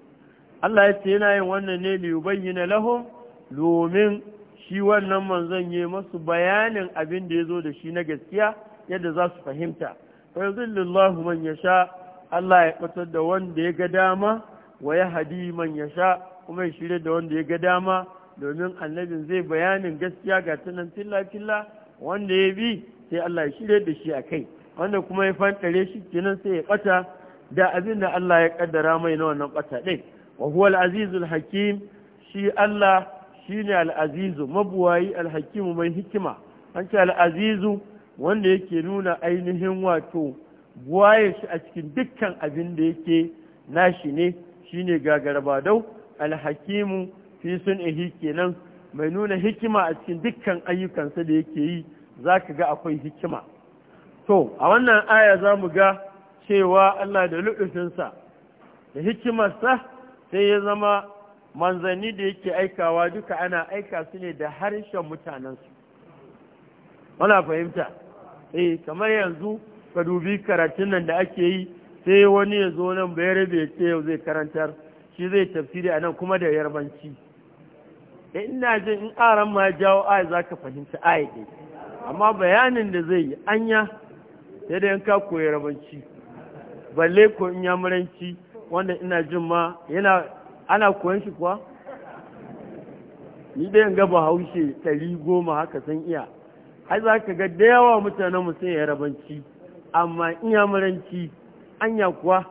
Allah ya ce yana yin wannan ne bayyana lahum domin shi wannan manzon yi masu bayanin abin da ya zo da shi na gaskiya yadda za su fahimta fa yuzillillahu man yasha Allah ya fitar da wanda ya ga dama wa ya hadi man yasha kuma ya shirya da wanda ya ga dama domin annabin zai bayanin gaskiya ga tunan filla filla wanda ya bi sai Allah ya shirya da shi a kai wanda kuma ya fantare shi kenan sai ya ɓata da abin da Allah ya kaddara mai na wannan ɓata din wa huwa al-azizul hakim shi Allah shine al-azizu mabuwayi al-hakimu mai hikima an ce al-azizu wanda yake nuna ainihin wato buwaye shi a cikin dukkan abin da yake nashi ne shine dau al-hakimu fi sun'ihi kenan mai nuna hikima a cikin dukkan ayyukansa da yake yi zaka ga akwai hikima to a wannan aya za mu ga cewa Allah da lu'ufinsa da hikimarsa sai ya zama manzanni da yake aikawa duka ana aika su ne da harshen mutanensu wana fahimta eh kamar yanzu ka dubi karatun nan da ake yi sai wani ya zo nan bai rabe ya ce yau zai karantar shi zai tafsiri a nan kuma da yarbanci ina jin in aran ma jawo aya za ka fahimci aya ɗaya amma bayanin da zai yi anya sai dai ka koyi rabanci balle ko in yamuranci wanda ina jin ma yana ana koyan shi kuwa ni dai ga bahaushe ɗari goma haka san iya ai za ka ga da yawa mutanen mu sun yi rabanci amma in yamuranci anya kuwa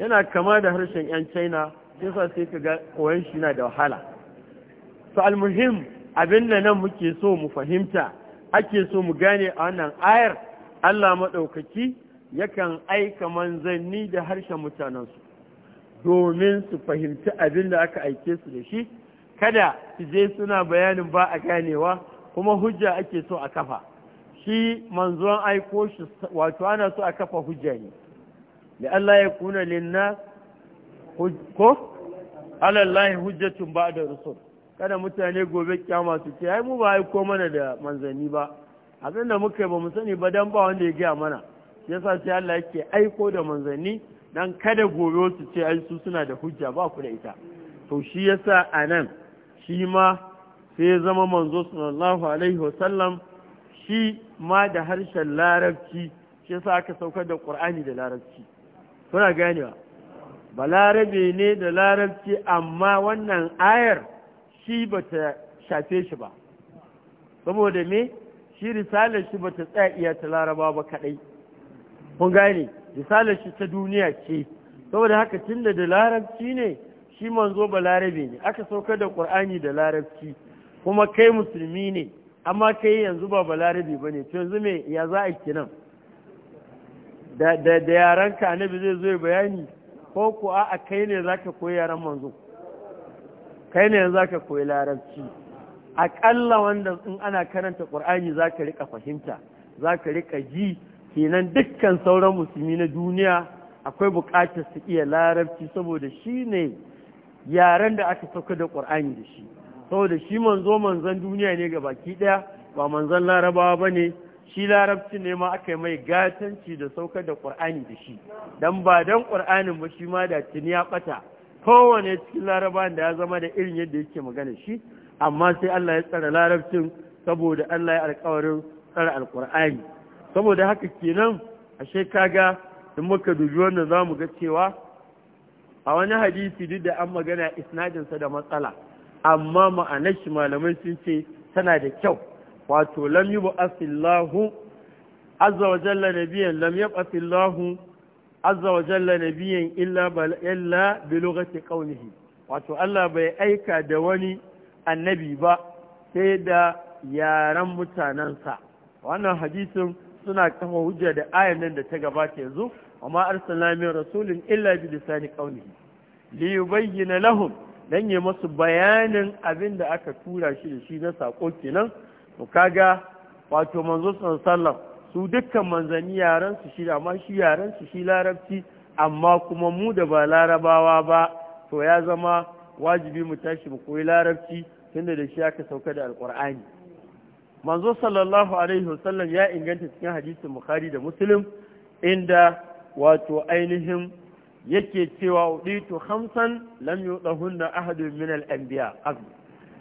yana kama da harshen 'yan china sai yasa sai ka ga koyon shi na da wahala to almuhim abin da nan muke so mu fahimta ake so mu gane a wannan ayar Allah maɗaukaki yakan aika manzanni da harshen mutanensu domin su fahimci abin da aka aike su da shi kada su je suna bayanin ba a ganewa kuma hujja ake so a kafa shi manzon aiko shi wato ana so a kafa hujja ne da Allah ya kuna linna ko alallahi hujjacin ba da rusul kada mutane gobe kyama su ce ai mu ba aiko mana da manzanni ba abin da muka yi ba mu sani ba dan ba wanda ya gaya mana shi yasa sai Allah yake aiko da manzanni dan kada gobe su ce ai su suna da hujja ba ku da ita to shi yasa anan shi ma sai zama manzo sallallahu alaihi wasallam shi ma da harshen larabci shi yasa aka saukar da Qur'ani da larabci kuna ganewa ba larabe ne da larabci amma wannan ayar shi bata shafe shi ba saboda me shi risalar shi ba ta tsaya iya ta laraba ba kaɗai kun gane risalar shi ta duniya ce saboda haka tunda da larabci ne shi manzo ba larabe ne aka saukar da ƙur'ani da larabci kuma kai musulmi ne amma kai yanzu ba ba larabe ba ne yanzu me ya za a kinan da ka annabi zai zo bayani ko ku a kai ne za ka koyi yaran manzo kai ne za ka koyi larabci aƙalla wanda in ana karanta ƙur'ani za ka riƙa fahimta za ka riƙa ji kenan dukkan sauran musulmi na duniya akwai buƙatar su iya larabci saboda shi ne yaren da aka sauka da ƙur'ani da shi saboda shi manzo manzan duniya ne ga baki ɗaya ba manzon larabawa ba ne shi larabci ne ma aka yi mai gatanci da saukar da ƙur'ani da shi dan ba don ƙur'anin ba shi ma da tuni ya ɓata kowane cikin larabawan da ya zama da irin yadda yake magana shi amma sai Allah ya tsara larabcin saboda Allah ya alkawarin tsara alkur'ani saboda haka kenan ashe kaga in muka dubi wannan za mu ga cewa a wani hadisi duk da an magana isnadinsa da matsala amma ma'anar shi malamai sun ce tana da kyau wato lam asillahu azza wa jalla nabiyan lam asillahu azza wa jalla nabiyan illa bi wato Allah bai aika da wani annabi ba sai da yaren mutanensa wannan hadisin suna kafa hujja da ayan nan da ta gabata yanzu amma arsala min rasulin illa bi lisani qawlihi li yubayyana lahum dan yi masu bayanin abin da aka tura shi da shi na sako kenan to kaga wato manzo sallallahu su dukkan manzanni yaran su shi amma shi yaran su shi larabci amma kuma mu da ba larabawa ba to ya zama wajibi mu tashi mu koyi larabci tunda da shi aka sauka da alqur'ani manzo sallallahu alaihi wasallam ya inganta cikin hadisin bukhari da muslim inda wato ainihin yake cewa uditu khamsan lam yudahunna ahadun min al-anbiya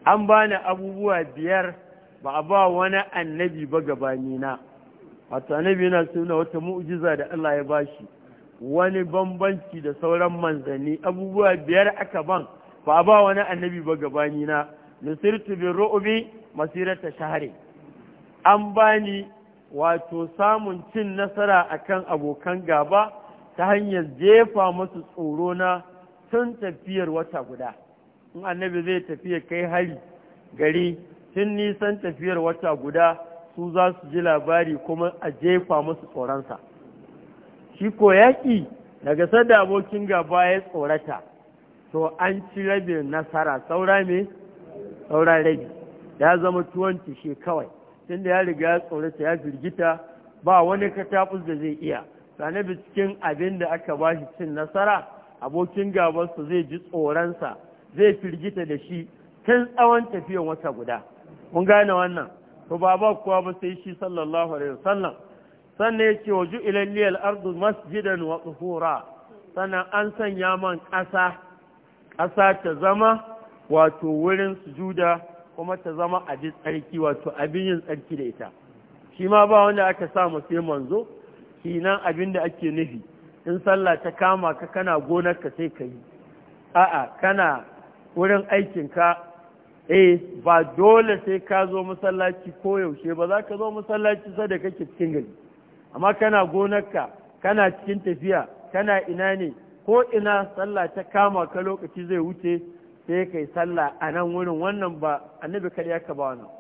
an bani abubuwa biyar ba a ba wani annabi ba gabani na wato annabi yana suna wata mu'jiza da Allah ya bashi wani bambanci da sauran manzanni abubuwa biyar aka ban ba ba wani annabi ba gabani na nusirtu bi ru'bi masirata shahri an bani wato samun cin nasara akan abokan gaba ta hanyar jefa musu tsoro na tun tafiyar wata guda in annabi zai tafiya kai hari gari tun nisan tafiyar wata guda su za su ji labari kuma a jefa musu tsoronsa shi ko yaƙi daga sadda abokin gaba ya tsorata to an ci rabin nasara saura ne saura rabi ya zama tuwanci shi kawai da ya riga ya tsorata ya firgita ba wani katakus da zai iya sanabi cikin abin da aka ba shi cin nasara abokin gabansa zai ji tsoronsa zai firgita da shi tun tsawon tafiyan wata guda mun gane wannan to ba ba kuwa ba sai shi sallallahu alaihi wasallam sannan ya ce wa ju'ilal liyal ardu masjidan wa tuhura sannan an sanya man ƙasa ƙasa ta zama wato wurin sujuda kuma ta zama abin tsarki wato abin yin tsarki da ita shi ma ba wanda aka sa samu sai manzo shi nan abin da ake nufi in sallah ta kama ka kana gonarka sai ka yi a'a kana wurin aikinka eh ba dole sai ka zo masallaci ko yaushe ba za ka zo masallaci sai da kake cikin gari amma kana gonar ka, kana cikin tafiya kana ina ne ko ina sallah ta kama ka lokaci zai wuce sai kai sallah a nan wurin wannan ba annabi kariya ka ba wannan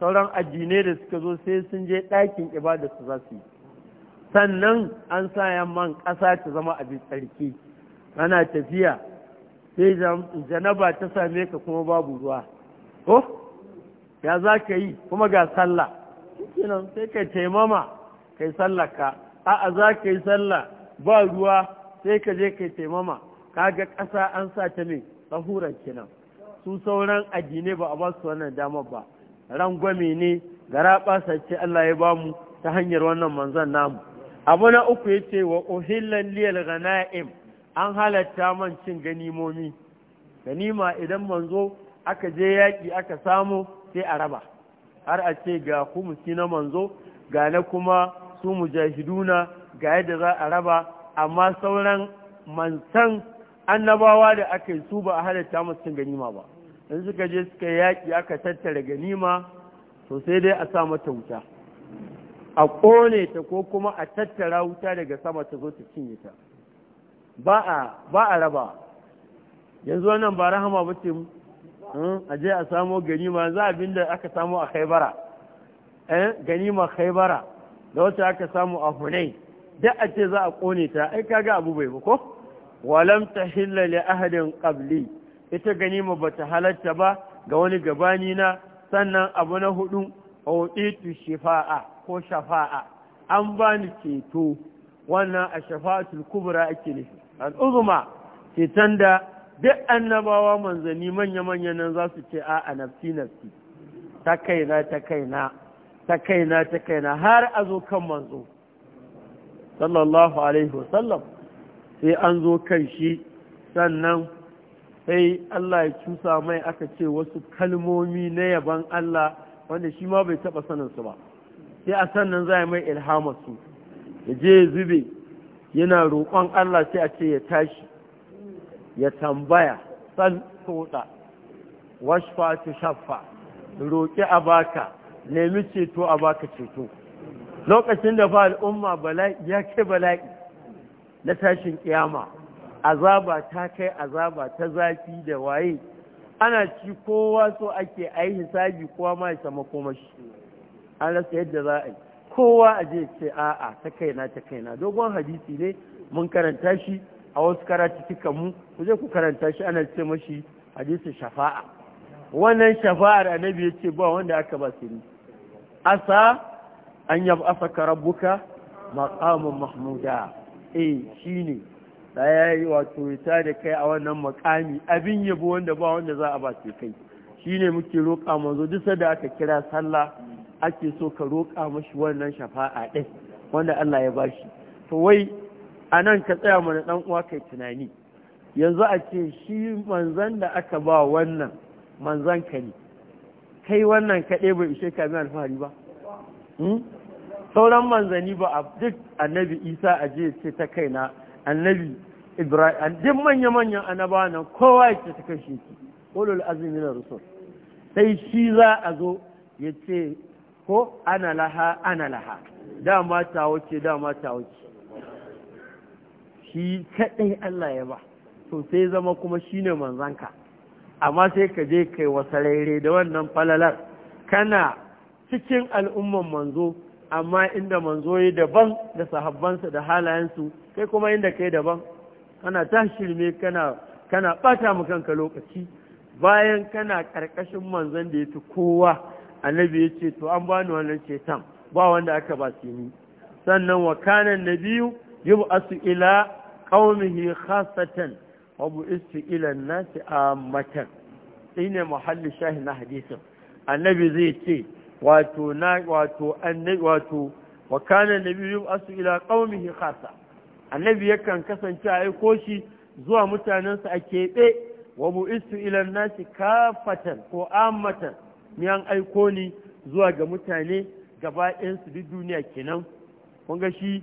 sauran addinai da suka zo sai sun je ɗakin ibada su za su yi sannan an sa yamman ƙasa ta zama abin tsarki ana tafiya sai janaba ta same ka kuma babu ruwa ko ya za ka yi kuma ga sallah sai ka taimama kai sallah ka a'a za ka yi sallah ba ruwa sai ka je kai taimama kaga ƙasa an sa ta mai tsahuran kenan su sauran addinai ba a ba su wannan damar ba rangwame ne gara ce Allah ya bamu ta hanyar wannan manzon namu abu na uku ya ce wa Ohilan liyal ghana'im an halatta man cin ganimomi ganima idan manzo aka je yaƙi aka samu sai a raba har a ce ga kumusi na manzo gane kuma su mujahiduna ga yadda za a raba amma sauran mansan annabawa da aka yi su ba a halitta masu cin ganima ba in suka je suka yaƙi aka tattara ganima to sai dai a sa mata wuta a ƙone ta ko kuma a tattara wuta daga sama ta zo ta cinye ta ba a raba yanzu wannan ba rahama ba ce hmm? a je a samo ganima za abin da aka samo a haibara eh? ganima haibara da wata aka samu a hunai da a ce za a ƙone ta ai ga abu bai ba ko walam tahilla li ahadin qabli ita ganima ta halatta ba ga wani gabani na sannan abu na hudu auditu shifa'a ko shafa'a an bani ceto wannan a shafa'atul kubra ake nufi al'uzuma ceton da duk annabawa manzanni manya-manya nan za su ce a nafsi nafsi ta kaina ta kaina ta kaina ta kaina har a zo kan manzo sallallahu alaihi wasallam sai an zo kan shi sannan sai Allah ya cusa mai aka ce wasu kalmomi na yaban Allah wanda shi ma bai taɓa saninsu ba sai a sannan za a mai su ya je zube yana roƙon Allah sai a ce ya tashi ya tambaya san tsotsa washfa ta shaffa roƙi a baka nemi ceto a baka ceto lokacin da ba al'umma bala'i ya ke bala'i na tashin kiyama azaba ta kai azaba ta zafi da waye ana ci kowa so ake a yi hisabi kowa ma ya sama komashi an rasa yadda za a yi kowa a je ce a'a ta kaina ta kaina dogon hadisi ne mun karanta shi a wasu karatu mu ku je ku karanta shi ana ce mashi hadisi shafa'a wannan shafa'ar annabi ya ce ba wanda aka ba su asa an yab asaka rabbuka maqamun mahmuda eh shine da yayi wato ita da kai a wannan makami abin yabo wanda ba wanda za a ba kai shine muke roƙa manzo duk sanda aka kira sallah ake so ka roƙa mashi wannan shafa'a ɗai wanda Allah ya bashi to wai a nan ka tsaya mana ɗan uwa kai tunani yanzu a ce shi manzan da aka ba wannan manzan ka ne kai wannan kaɗai bai ishe ka alfahari ba Hmm? sauran Manzani ba a duk annabi isa a je ce ta kaina annabi ibrahim duk manya-manyan annaba nan kowa ya ce ta shi ki ulul azumi na rusul sai shi za a zo ya ce ko ana laha ana laha dama ta wuce dama ta wuce shi kaɗai Allah ya ba to sai zama kuma shi ne manzanka amma sai ka je kai rairai da wannan falalar kana cikin al'umman manzo amma inda manzo yi daban da sahabbansa da halayensu kai kuma inda kai daban kana ta shirme kana kana bata mu kanka lokaci bayan kana karkashin manzon da fi kowa annabi ya ce to an bani wannan cetan ba wanda aka ba su ni sannan wa kana nabiyu yub'asu ila qaumihi khassatan wa bu'istu ila an-nasi ammatan shine muhalli shahi na hadisin annabi zai ce wato na wato annabi wato wa kana nabiyyu asu ila qaumihi khasa annabi yakan kasance a aiko shi zuwa mutanensa a keɓe wa isu ila nasi kafatan ko ammatan ni an aiko ni zuwa ga mutane gaba su duk duniya kenan kun ga shi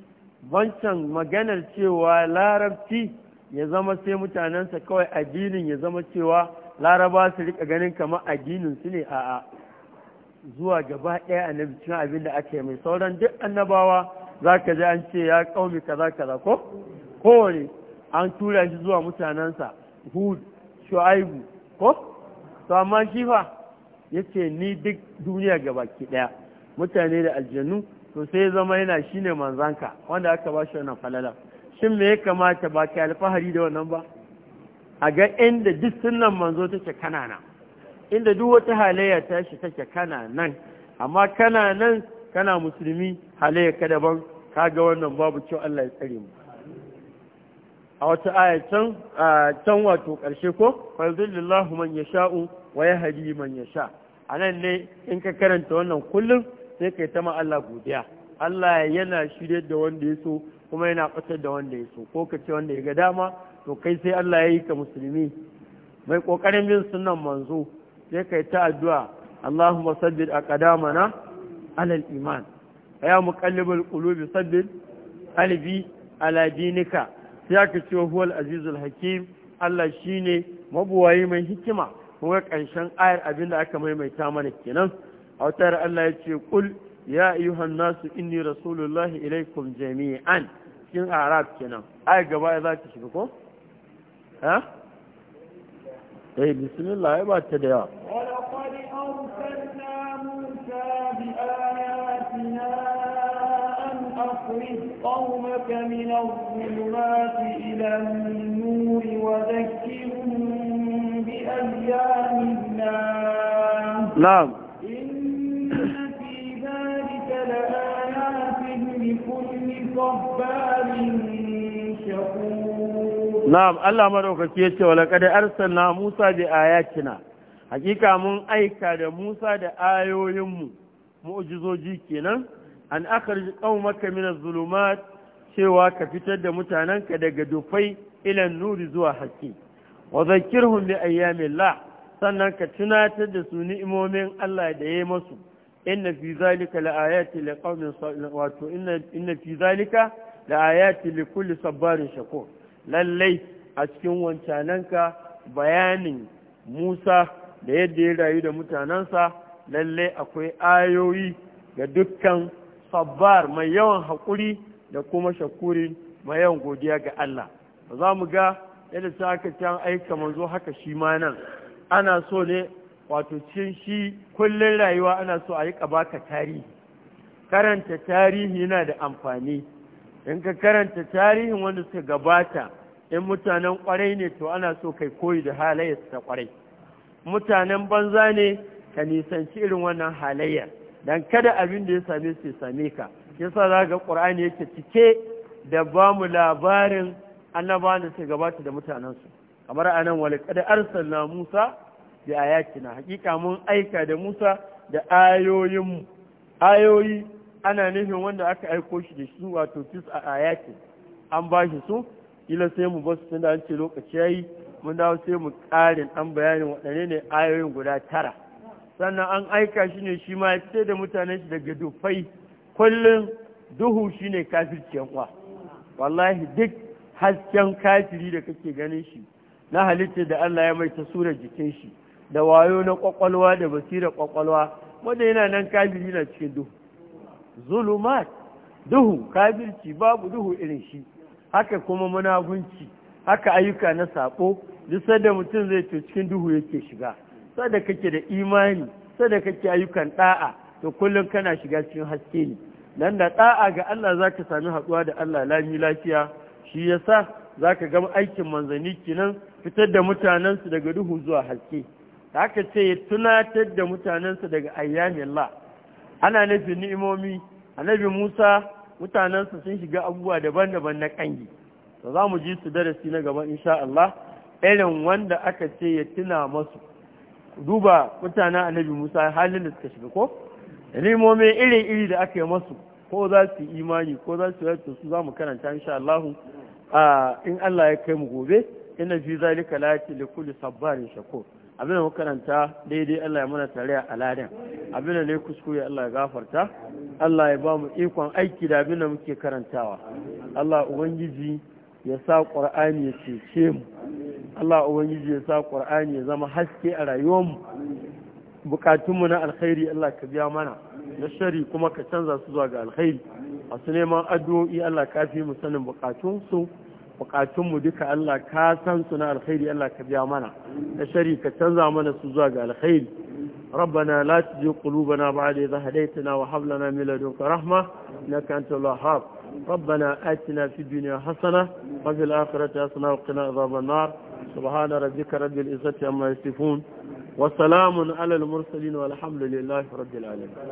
wancan maganar cewa larabci ya zama sai mutanensa kawai addinin ya zama cewa laraba su rika ganin kamar addinin su ne a'a zuwa gaba ɗaya a nabicin abin da aka yi mai sauran duk annabawa za ka ji an ce ya ƙaumi kaza kaza ko kowane an tura shi zuwa mutanensa hud shu'aibu ko to amma shi fa ya ce ni duk duniya gabaki ɗaya mutane da aljanu to sai zama yana shine manzanka wanda aka ba shi wannan falala shin me ya kamata ba ka alfahari da wannan ba a ga inda duk sunan manzo take kanana inda duk wata halayya ta shi take kana nan amma kana nan kana musulmi halayya ka daban kaga wannan babu kyau Allah ya tsare mu a wata aya can can wato karshe ko fadlillahu man yasha'u wa yahdi man yasha anan ne in ka karanta wannan kullum sai kai ta ma Allah godiya Allah yana shirye da wanda ya so kuma yana ɓatar da wanda ya so ko ka ce wanda ya ga dama to kai sai Allah ya yi ka musulmi mai ƙoƙarin bin sunan manzo sai kai ta addu'a Allahumma sabbit aqdamana ala al-iman ya muqallibal qulubi sabbit albi ala dinika sai aka ce huwal azizul hakim Allah shine mabuwayi mai hikima kuma ƙarshen ayar abinda aka maimaita mana kenan a wutar Allah ya ce kul ya ayyuhan nasu inni rasulullahi ilaikum jami'an kin arab kenan ayar gaba za ta shiga ko ha اي طيب، بسم الله اي بعد تدعي ولقد أرسلنا موسى بآياتنا أن أخرج قومك من الظلمات إلى النور وذكرهم بأيام الله نعم إن في ذلك لآيات لكل صبار na'am Allah madaukaki yace wala qad arsalna Musa bi ayatina hakika mun aika da Musa da ayoyinmu mu'jizoji kenan an akhrij qaumaka min az-zulumat cewa ka fitar da mutananka daga dufai ila nuri zuwa haske wa zakkirhum bi la sannan ka tunatar da su ni'imomin Allah da yayi masu inna fi zalika laayatin liqaumin wato inna inna fi zalika laayatin kulli sabarin shakur lallai a cikin wancananka bayanin Musa da yadda ya rayu da mutanensa lallai akwai ayoyi ga dukkan sabbar mai yawan haƙuri da kuma shakuri mai yawan godiya ga Allah ba za mu ga yadda ta aka can aika manzo haka shi ma nan ana so ne wato cin shi kullum rayuwa ana so a yi baka tarihi karanta tarihi yana da amfani in ka karanta tarihin wanda suka gabata in mutanen kwarai ne to ana so kai koyi da halayyarsu ta kwarai mutanen banza ne ka nisanci irin wannan halayyar dan kada abin da ya same su same ka yasa za ga ƙur'ani yake cike da ba mu labarin annaba da su gabata da mutanensu kamar anan nan wale kada arsalna musa da ayatina hakika mun aika da musa da ayoyi ana nufin wanda aka aiko shi da su wato tis a ayaki an ba shi su kila sai mu basu tun da an ce lokaci ya yi. mun dawo sai mu ƙarin an bayanin waɗanne ne ayoyin guda tara sannan an aika shi ne shi ma ya fice da mutanen shi daga dufai kullum duhu shi ne kafirciyan uwa wallahi duk hasken kafiri da kake ganin shi na halitta da Allah ya mai ta sura jikin shi da wayo na kwakwalwa da basira kwakwalwa wanda yana nan kafiri na cikin duhu zulumat duhu kafirci babu duhu irin shi haka kuma munafunci haka ayyuka na sabo duk sanda mutum zai to cikin duhu yake shiga sanda kake da imani sanda kake ayyukan da'a to kullum kana shiga cikin haske ne nan da da'a ga Allah zaka sami haɗuwa da Allah lami lafiya shi yasa zaka ga aikin manzani kenan fitar da mutanensu daga duhu zuwa haske haka ce ya tunatar da mutanensu daga ayyamin Allah ana nufin ni'imomi annabi Musa mutanensu sun shiga abubuwa daban-daban na ƙangi da za mu ji su darasi na gaban insha Allah irin wanda aka ce ya tuna masu duba mutanen annabi Musa halin da suka shiga ko rimomi iri-iri da aka yi masu ko za su yi imani ko za su yi su za mu karanta insha Allah ah, in Allah ya kai mu gobe ina fi zalika la yati sabbarin shakur abin mu makaranta daidai Allah ya mana tare a aladen abin da ne kuskure Allah ya gafarta Allah ya ba mu ikon aiki da abin muke karantawa Allah ubangiji ya sa ƙur'ani ya cece mu Allah ubangiji ya sa ƙur'ani ya zama haske a rayuwarmu bukatunmu na alkhairi Allah ka biya mana na shari kuma ka canza su zuwa ga alkhairi masu neman addu'o'i Allah ka fi mu sanin bukatunsu bukatunmu duka Allah ka san su na alkhairi Allah ka biya mana da shari ka canza mana su zuwa ga alkhairi ربنا لا تزغ قلوبنا بعد إذ هديتنا وهب لنا من لدنك رحمة إنك أنت الوهاب ربنا آتنا في الدنيا حسنة وفي الآخرة حسنة وقنا عذاب النار سبحان ربك رب العزة عما يصفون وسلام على المرسلين والحمد لله رب العالمين